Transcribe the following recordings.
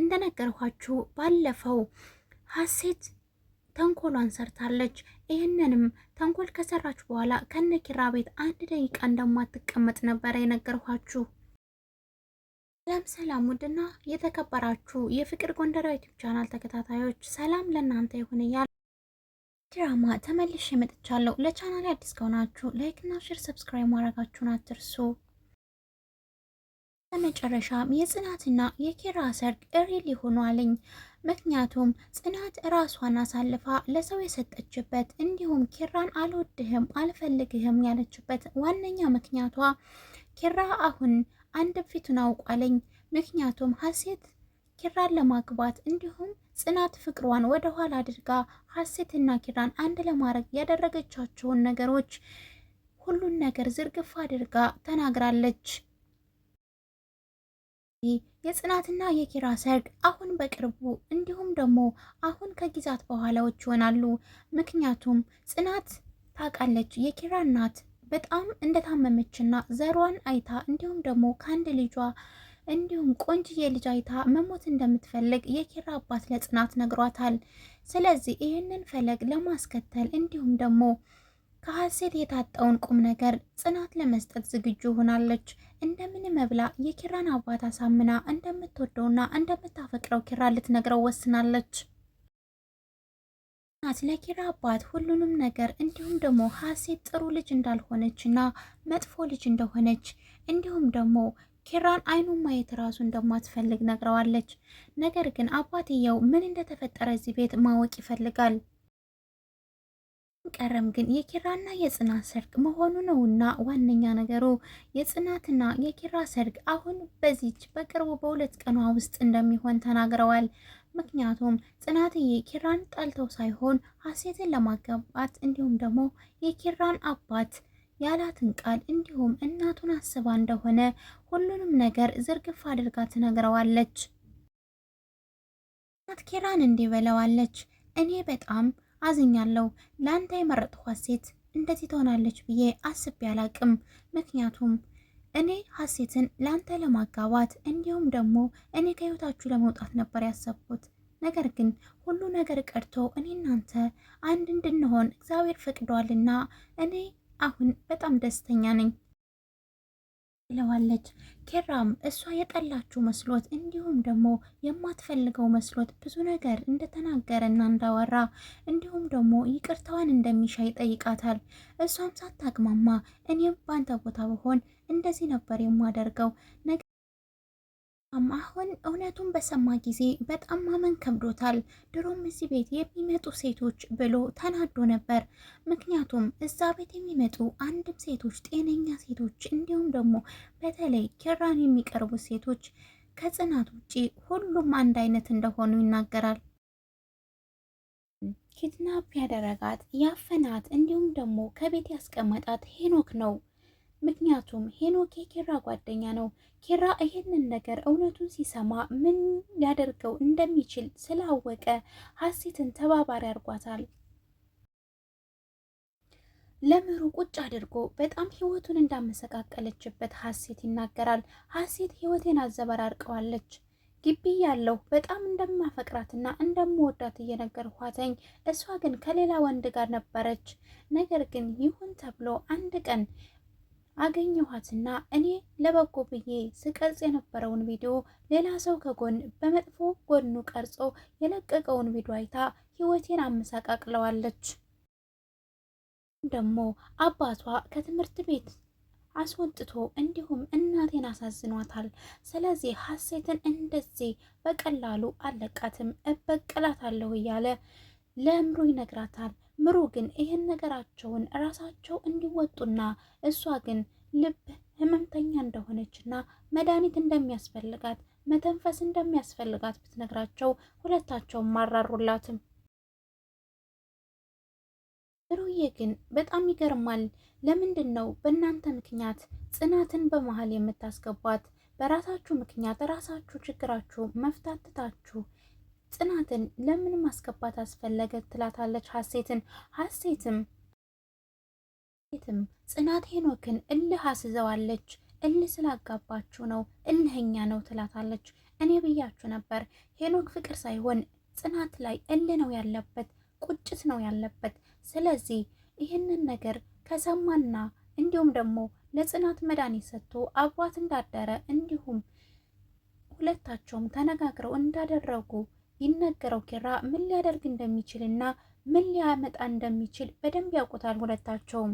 እንደነገርኋችሁ ባለፈው ሀሴት ተንኮሏን ሰርታለች። ይህንንም ተንኮል ከሰራች በኋላ ከነኪራ ቤት አንድ ደቂቃ እንደማትቀመጥ ነበረ የነገርኋችሁ። ሰላም ሰላም! ውድና የተከበራችሁ የፍቅር ጎንደር ዩቲዩብ ቻናል ተከታታዮች ሰላም ለእናንተ ይሁን እያል ድራማ ተመልሼ መጥቻለሁ። ለቻናል አዲስ ከሆናችሁ ላይክና ሼር ሰብስክራይብ ማድረጋችሁን አትርሱ። በመጨረሻም የጽናትና የኪራ ሰርግ ሪል ሆኗልኝ። ምክንያቱም ጽናት ራሷን አሳልፋ ለሰው የሰጠችበት እንዲሁም ኪራን አልወድህም አልፈልግህም ያለችበት ዋነኛ ምክንያቷ ኪራ አሁን አንድ ፊቱን አውቋለኝ። ምክንያቱም ሀሴት ኪራን ለማግባት እንዲሁም ጽናት ፍቅሯን ወደኋላ አድርጋ ሀሴትና ኪራን አንድ ለማድረግ ያደረገቻቸውን ነገሮች ሁሉን ነገር ዝርግፍ አድርጋ ተናግራለች። የጽናትና የኪራ ሰርግ አሁን በቅርቡ እንዲሁም ደግሞ አሁን ከጊዛት በኋላዎች ይሆናሉ። ምክንያቱም ጽናት ታውቃለች የኪራ እናት በጣም እንደታመመችና ዘሯን አይታ እንዲሁም ደግሞ ከአንድ ልጇ እንዲሁም ቆንጅዬ ልጅ አይታ መሞት እንደምትፈልግ የኪራ አባት ለጽናት ነግሯታል። ስለዚህ ይህንን ፈለግ ለማስከተል እንዲሁም ደግሞ ከሀሴት የታጣውን ቁም ነገር ጽናት ለመስጠት ዝግጁ ሆናለች። እንደምንም ብላ የኪራን አባት አሳምና እንደምትወደውና እንደምታፈቅረው ኪራ ልትነግረው ወስናለች። ጽናት ለኪራ አባት ሁሉንም ነገር እንዲሁም ደግሞ ሀሴት ጥሩ ልጅ እንዳልሆነችና መጥፎ ልጅ እንደሆነች እንዲሁም ደግሞ ኪራን አይኑን ማየት ራሱ እንደማትፈልግ ነግረዋለች። ነገር ግን አባትየው ምን እንደተፈጠረ እዚህ ቤት ማወቅ ይፈልጋል። ቀረም ግን የኪራና የጽናት ሰርግ መሆኑ ነውና ዋነኛ ነገሩ የጽናትና የኪራ ሰርግ አሁን በዚች በቅርቡ በሁለት ቀኗ ውስጥ እንደሚሆን ተናግረዋል። ምክንያቱም ጽናትዬ ኪራን ጠልተው ሳይሆን ሀሴትን ለማገባት እንዲሁም ደግሞ የኪራን አባት ያላትን ቃል እንዲሁም እናቱን አስባ እንደሆነ ሁሉንም ነገር ዝርግፍ አድርጋ ትነግረዋለች። ጽናት ኪራን እንዲህ እኔ በጣም አዝኛለሁ። ለአንተ የመረጥኳት ሴት እንደዚህ ትሆናለች ብዬ አስቤ አላቅም። ምክንያቱም እኔ ሀሴትን ለአንተ ለማጋባት እንዲሁም ደግሞ እኔ ከህይወታችሁ ለመውጣት ነበር ያሰብኩት። ነገር ግን ሁሉ ነገር ቀርቶ እኔ እናንተ አንድ እንድንሆን እግዚአብሔር ፈቅዷልና እኔ አሁን በጣም ደስተኛ ነኝ። ብለዋለች። ኬራም እሷ የጠላችው መስሎት እንዲሁም ደግሞ የማትፈልገው መስሎት ብዙ ነገር እንደተናገረ እና እንዳወራ እንዲሁም ደግሞ ይቅርታዋን እንደሚሻ ይጠይቃታል። እሷም ሳታግማማ እኔም በአንተ ቦታ በሆን እንደዚህ ነበር የማደርገው ነገ አሁን እውነቱን በሰማ ጊዜ በጣም ማመን ከብዶታል። ድሮም እዚህ ቤት የሚመጡ ሴቶች ብሎ ተናዶ ነበር። ምክንያቱም እዛ ቤት የሚመጡ አንድም ሴቶች ጤነኛ ሴቶች፣ እንዲሁም ደግሞ በተለይ ኪራን የሚቀርቡ ሴቶች ከጽናት ውጪ ሁሉም አንድ አይነት እንደሆኑ ይናገራል። ኪድናፕ ያደረጋት ያፈናት፣ እንዲሁም ደግሞ ከቤት ያስቀመጣት ሄኖክ ነው። ምክንያቱም ሄኖክ የኪራ ጓደኛ ነው። ኪራ ይህንን ነገር እውነቱን ሲሰማ ምን ሊያደርገው እንደሚችል ስላወቀ ሀሴትን ተባባሪ አድርጓታል። ለምሩ ቁጭ አድርጎ በጣም ህይወቱን እንዳመሰቃቀለችበት ሀሴት ይናገራል። ሀሴት ህይወቴን አዘበራርቀዋለች ግቢ ያለሁ በጣም እንደማፈቅራትና እንደምወዳት እየነገርኳተኝ እሷ ግን ከሌላ ወንድ ጋር ነበረች። ነገር ግን ይሁን ተብሎ አንድ ቀን አገኘኋትና እኔ ለበጎ ብዬ ስቀርጽ የነበረውን ቪዲዮ ሌላ ሰው ከጎን በመጥፎ ጎኑ ቀርጾ የለቀቀውን ቪዲዮ አይታ ህይወቴን አመሳቃቅለዋለች። ደግሞ አባቷ ከትምህርት ቤት አስወጥቶ እንዲሁም እናቴን አሳዝኗታል። ስለዚህ ሀሴትን እንደዚህ በቀላሉ አለቃትም እበቀላታለሁ እያለ ለእምሩ ይነግራታል። ምሩ ግን ይህን ነገራቸውን ራሳቸው እንዲወጡና እሷ ግን ልብ ህመምተኛ እንደሆነችና መድኃኒት እንደሚያስፈልጋት መተንፈስ እንደሚያስፈልጋት ብትነግራቸው ሁለታቸውም ማራሩላትም። ምሩዬ ግን በጣም ይገርማል። ለምንድን ነው በእናንተ ምክንያት ጽናትን በመሀል የምታስገቧት? በራሳችሁ ምክንያት ራሳችሁ ችግራችሁ መፍታት ትታችሁ ጽናትን ለምን ማስገባት አስፈለገ ትላታለች ሀሴትን። ሀሴትም ሀሴትም ጽናት ሄኖክን እልህ አስዘዋለች። እልህ ስላጋባችሁ ነው እልህኛ ነው ትላታለች። እኔ ብያችሁ ነበር ሄኖክ ፍቅር ሳይሆን ጽናት ላይ እልህ ነው ያለበት፣ ቁጭት ነው ያለበት። ስለዚህ ይህንን ነገር ከሰማና እንዲሁም ደግሞ ለጽናት መድኃኒት ሰጥቶ አብሯት እንዳደረ እንዲሁም ሁለታቸውም ተነጋግረው እንዳደረጉ ይነገረው ኪራ ምን ሊያደርግ እንደሚችልና ምን ሊያመጣ እንደሚችል በደንብ ያውቁታል ሁለታቸውም።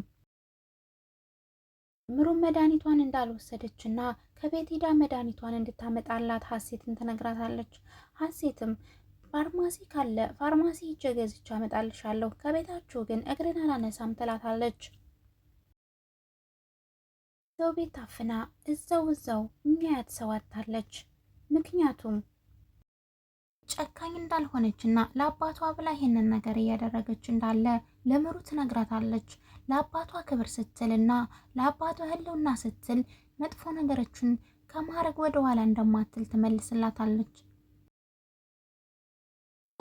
ምሩም መድኃኒቷን እንዳልወሰደችና ከቤት ሂዳ መድኃኒቷን እንድታመጣላት ሀሴትን ትነግራታለች። ሀሴትም ፋርማሲ ካለ ፋርማሲ ሂጄ ገዝቼ አመጣልሻለሁ፣ ከቤታችሁ ግን እግርን አላነሳም ትላታለች። እዛው ቤት ታፍና እዛው እዛው የሚያያት ሰው አታለች። ምክንያቱም ጨካኝ እንዳልሆነች እና ለአባቷ ብላ ይህንን ነገር እያደረገች እንዳለ ለምሩ ትነግራታለች። ለአባቷ ክብር ስትል እና ለአባቷ ሕልውና ስትል መጥፎ ነገሮችን ከማድረግ ወደ ኋላ እንደማትል ትመልስላታለች።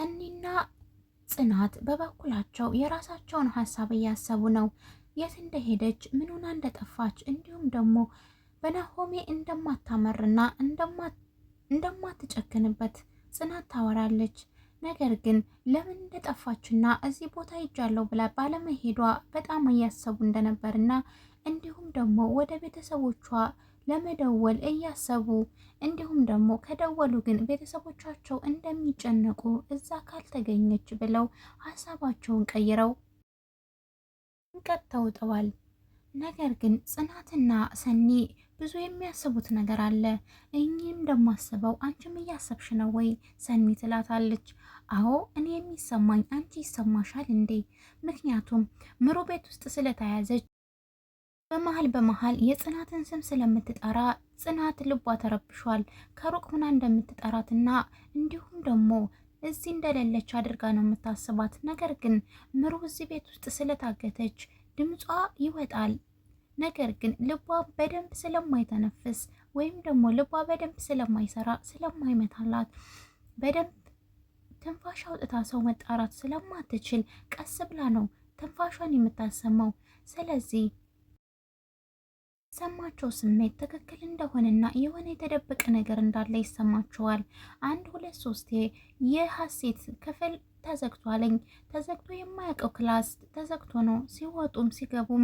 እኒና ጽናት በበኩላቸው የራሳቸውን ሀሳብ እያሰቡ ነው። የት እንደሄደች ምኑና እንደጠፋች እንዲሁም ደግሞ በናሆሜ እንደማታመርና እንደማትጨክንበት ጽናት ታወራለች። ነገር ግን ለምን እንደጠፋችና እዚህ ቦታ ይጃለው ብላ ባለመሄዷ በጣም እያሰቡ እንደነበርና እንዲሁም ደግሞ ወደ ቤተሰቦቿ ለመደወል እያሰቡ እንዲሁም ደግሞ ከደወሉ ግን ቤተሰቦቻቸው እንደሚጨነቁ እዛ ካልተገኘች ብለው ሀሳባቸውን ቀይረው ቀጥተውጠዋል። ነገር ግን ጽናትና ሰኒ ብዙ የሚያስቡት ነገር አለ። እኚህም እንደማስበው አንቺም እያሰብሽ ነው ወይ ሰኒ ትላታለች። አዎ እኔ የሚሰማኝ አንቺ ይሰማሻል እንዴ? ምክንያቱም ምሩ ቤት ውስጥ ስለተያዘች በመሀል በመሀል የጽናትን ስም ስለምትጠራ ጽናት ልቧ ተረብሿል። ከሩቅ ሆና እንደምትጠራትና እንዲሁም ደግሞ እዚህ እንደሌለች አድርጋ ነው የምታስባት። ነገር ግን ምሩ እዚህ ቤት ውስጥ ስለታገተች ድምጿ ይወጣል። ነገር ግን ልቧ በደንብ ስለማይተነፍስ ወይም ደግሞ ልቧ በደንብ ስለማይሰራ ስለማይመታላት በደንብ ትንፋሽ አውጥታ ሰው መጣራት ስለማትችል ቀስ ብላ ነው ትንፋሿን የምታሰማው። ስለዚህ ሰማቸው ስሜት ትክክል እንደሆነና የሆነ የተደበቀ ነገር እንዳለ ይሰማቸዋል። አንድ ሁለት ሶስቴ የሀሴት ክፍል ተዘግቷለኝ ተዘግቶ የማያውቀው ክላስ ተዘግቶ ነው ሲወጡም ሲገቡም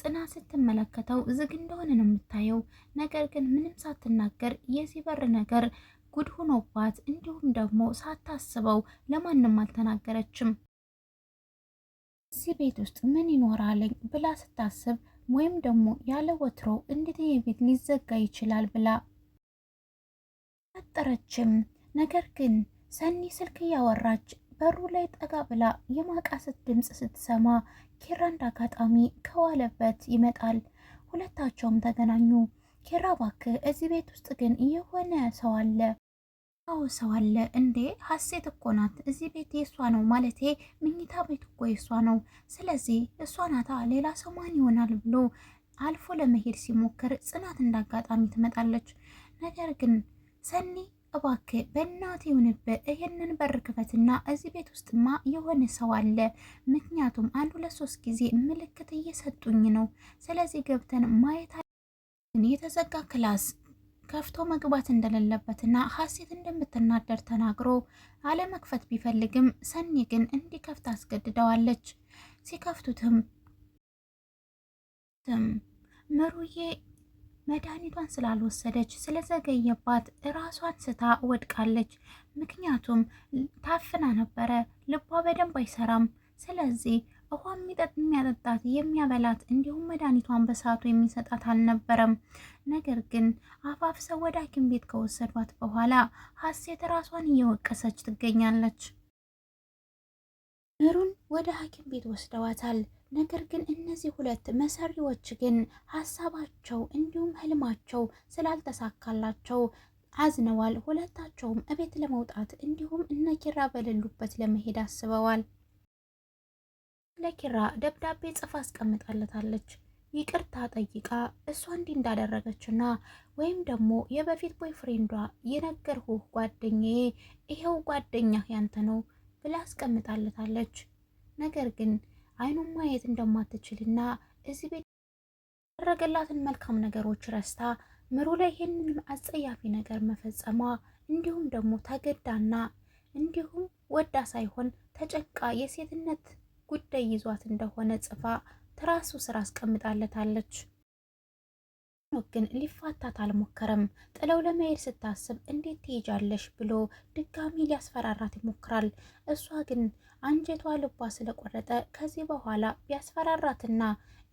ጽናት ስትመለከተው ዝግ እንደሆነ ነው የምታየው። ነገር ግን ምንም ሳትናገር የዚህ በር ነገር ጉድ ሆኖባት እንዲሁም ደግሞ ሳታስበው ለማንም አልተናገረችም። እዚህ ቤት ውስጥ ምን ይኖራልኝ ብላ ስታስብ ወይም ደግሞ ያለ ወትሮ እንዴት ይህ ቤት ሊዘጋ ይችላል ብላ አጠረችም። ነገር ግን ሰኒ ስልክ እያወራች በሩ ላይ ጠጋ ብላ የማቃሰት ድምፅ ስትሰማ ኪራ እንደ አጋጣሚ ከዋለበት ይመጣል። ሁለታቸውም ተገናኙ። ኪራ እባክህ፣ እዚህ ቤት ውስጥ ግን የሆነ ሰው አለ። አዎ ሰው አለ እንዴ? ሀሴት እኮ ናት። እዚህ ቤት የእሷ ነው ማለቴ፣ ምኝታ ቤት እኮ የእሷ ነው። ስለዚህ እሷ ናታ። ሌላ ሰው ማን ይሆናል ብሎ አልፎ ለመሄድ ሲሞክር ጽናት እንዳጋጣሚ ትመጣለች። ነገር ግን ሰኒ እባክህ በእናት ይሁንብህ ይህንን በር ክፈትና እዚህ ቤት ውስጥማ የሆነ ሰው አለ። ምክንያቱም አንድ ሁለት ሶስት ጊዜ ምልክት እየሰጡኝ ነው። ስለዚህ ገብተን ማየት የተዘጋ ክላስ ከፍቶ መግባት እንደሌለበትና ሀሴት እንደምትናደር ተናግሮ አለመክፈት ቢፈልግም ሰኒ ግን እንዲከፍት አስገድደዋለች። ሲከፍቱትም ምሩዬ መድኃኒቷን ስላልወሰደች ስለዘገየባት እራሷን ስታ ወድቃለች። ምክንያቱም ታፍና ነበረ፣ ልቧ በደንብ አይሰራም። ስለዚህ ውሃ የሚያጠጣት የሚያበላት፣ እንዲሁም መድኃኒቷን በሰዓቱ የሚሰጣት አልነበረም። ነገር ግን አፋፍሰው ወደ ሐኪም ቤት ከወሰዷት በኋላ ሀሴት ራሷን እየወቀሰች ትገኛለች። ምሩን ወደ ሐኪም ቤት ወስደዋታል። ነገር ግን እነዚህ ሁለት መሰሪዎች ግን ሀሳባቸው እንዲሁም ህልማቸው ስላልተሳካላቸው አዝነዋል። ሁለታቸውም እቤት ለመውጣት እንዲሁም እነ ኪራ በሌሉበት ለመሄድ አስበዋል። ለኪራ ደብዳቤ ጽፋ አስቀምጣለታለች። ይቅርታ ጠይቃ እሷ እንዲህ እንዳደረገችና ወይም ደግሞ የበፊት ቦይፍሬንዷ የነገርሁህ ጓደኛዬ ይኸው ጓደኛህ ያንተ ነው ብላ አስቀምጣለታለች። ነገር ግን አይኑን ማየት እንደማትችልና እዚህ ቤት ያደረገላትን መልካም ነገሮች ረስታ ምሩ ላይ ይህንን አጸያፊ ነገር መፈጸሟ እንዲሁም ደግሞ ተገዳና እንዲሁም ወዳ ሳይሆን ተጨቃ የሴትነት ጉዳይ ይዟት እንደሆነ ጽፋ ትራሱ ስራ አስቀምጣለታለች። ሄኖክ ግን ሊፋታት አልሞከረም። ጥለው ለመሄድ ስታስብ እንዴት ትሄጃለሽ ብሎ ድጋሚ ሊያስፈራራት ይሞክራል። እሷ ግን አንጀቷ ልቧ ስለቆረጠ ከዚህ በኋላ ቢያስፈራራትና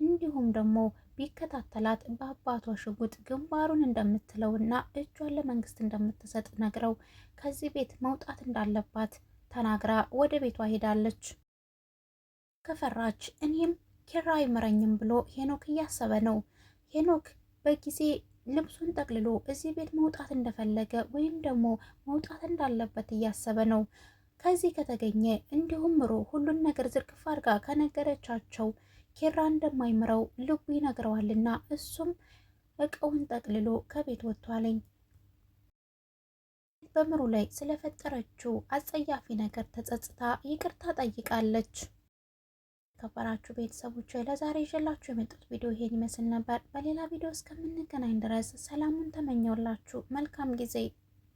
እንዲሁም ደግሞ ቢከታተላት በአባቷ ሽጉጥ ግንባሩን እንደምትለውና እጇን ለመንግስት እንደምትሰጥ ነግረው ከዚህ ቤት መውጣት እንዳለባት ተናግራ ወደ ቤቷ ሄዳለች። ከፈራች እኔም ኪራ አይምረኝም ብሎ ሄኖክ እያሰበ ነው። ሄኖክ በጊዜ ልብሱን ጠቅልሎ እዚህ ቤት መውጣት እንደፈለገ ወይም ደግሞ መውጣት እንዳለበት እያሰበ ነው። ከዚህ ከተገኘ እንዲሁም ምሮ ሁሉን ነገር ዝርግፍ አድርጋ ከነገረቻቸው ኬራ እንደማይምረው ልቡ ይነግረዋልና እሱም እቃውን ጠቅልሎ ከቤት ወጥቷለኝ። በምሩ ላይ ስለፈጠረችው አጸያፊ ነገር ተጸጽታ ይቅርታ ጠይቃለች። ከበራችሁ ቤተሰቦች ለዛሬ ይዤላችሁ የመጡት ቪዲዮ ይሄን ይመስል ነበር። በሌላ ቪዲዮ እስከምንገናኝ ድረስ ሰላሙን ተመኘውላችሁ። መልካም ጊዜ